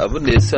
abin da ya sa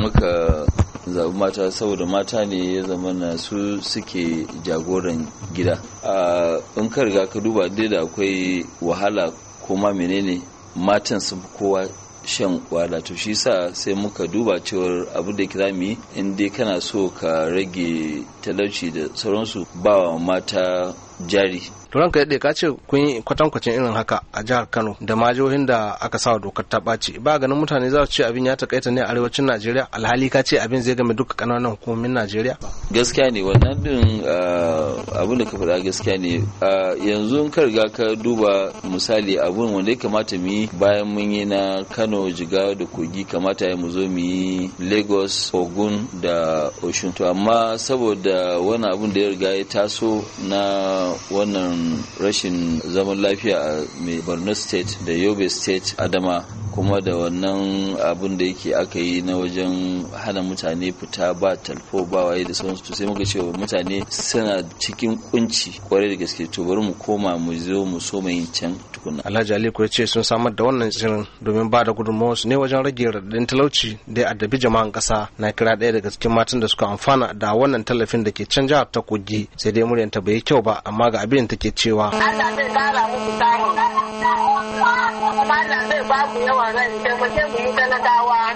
muka zaɓi mata saboda mata ne ya zama na su suke jagoran gida a in ka riga ka duba dai da akwai wahala kuma menene matan sun kowa shan kwada to shi sa sai muka duba cewar abu da za mu in dai kana so ka rage talauci da sauransu ba wa mata jari Turanka yadda ka ce kun yi kwatankwacin irin haka a jihar kano da ma jihohin da aka sa dokar ta ɓaci ba ganin mutane za su ce abin ya takaita ne a arewacin najeriya alhali ka ce abin zai game duka ƙananan hukumomin najeriya gaskiya ne wannan din ah, abin da ka faɗa gaskiya ne a yanzu kar ga ka duba misali abun wanda ya kamata mu yi bayan mun yi na Kano Jiga da Kogi kamata ya mu zo mu yi Lagos Ogun da Oshun to amma saboda wani abun da ya riga ya taso na wannan rashin zaman lafiya a Borno State da Yobe State Adama kuma da wannan abin da yake aka yi na wajen hana mutane fita ba talfo ba waye da sauransu to sai muka ce mutane suna cikin kunci kwarai da gaske to bari mu koma mu zo mu so mai yin can tukuna alhaji Ali ya ce sun samar da wannan shirin domin ba da su ne wajen rage raɗaɗin talauci da addabi jama'an ƙasa na kira ɗaya daga cikin matan da suka amfana da wannan tallafin da ke can jihar ta kogi sai dai muryanta bai yi kyau ba amma ga abin take cewa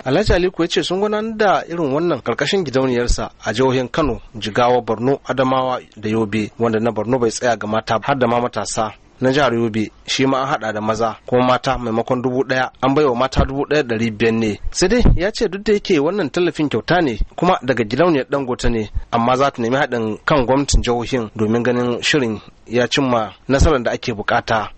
Alhaji Ali ya ce sun gudanar da irin wannan karkashin gidauniyarsa a jihohin Kano, Jigawa, Borno, Adamawa da Yobe, wanda na Borno bai tsaya ga mata har da ma matasa na jihar yobe shi ma an hada da maza kuma mata maimakon dubu daya an bai wa mata dubu daya dari biyar ne sai dai ya ce duk da yake wannan tallafin kyauta ne kuma daga gidauniyar dangote ne amma za ta nemi haɗin kan gwamnatin jihohin domin ganin shirin ya cimma nasarar da ake bukata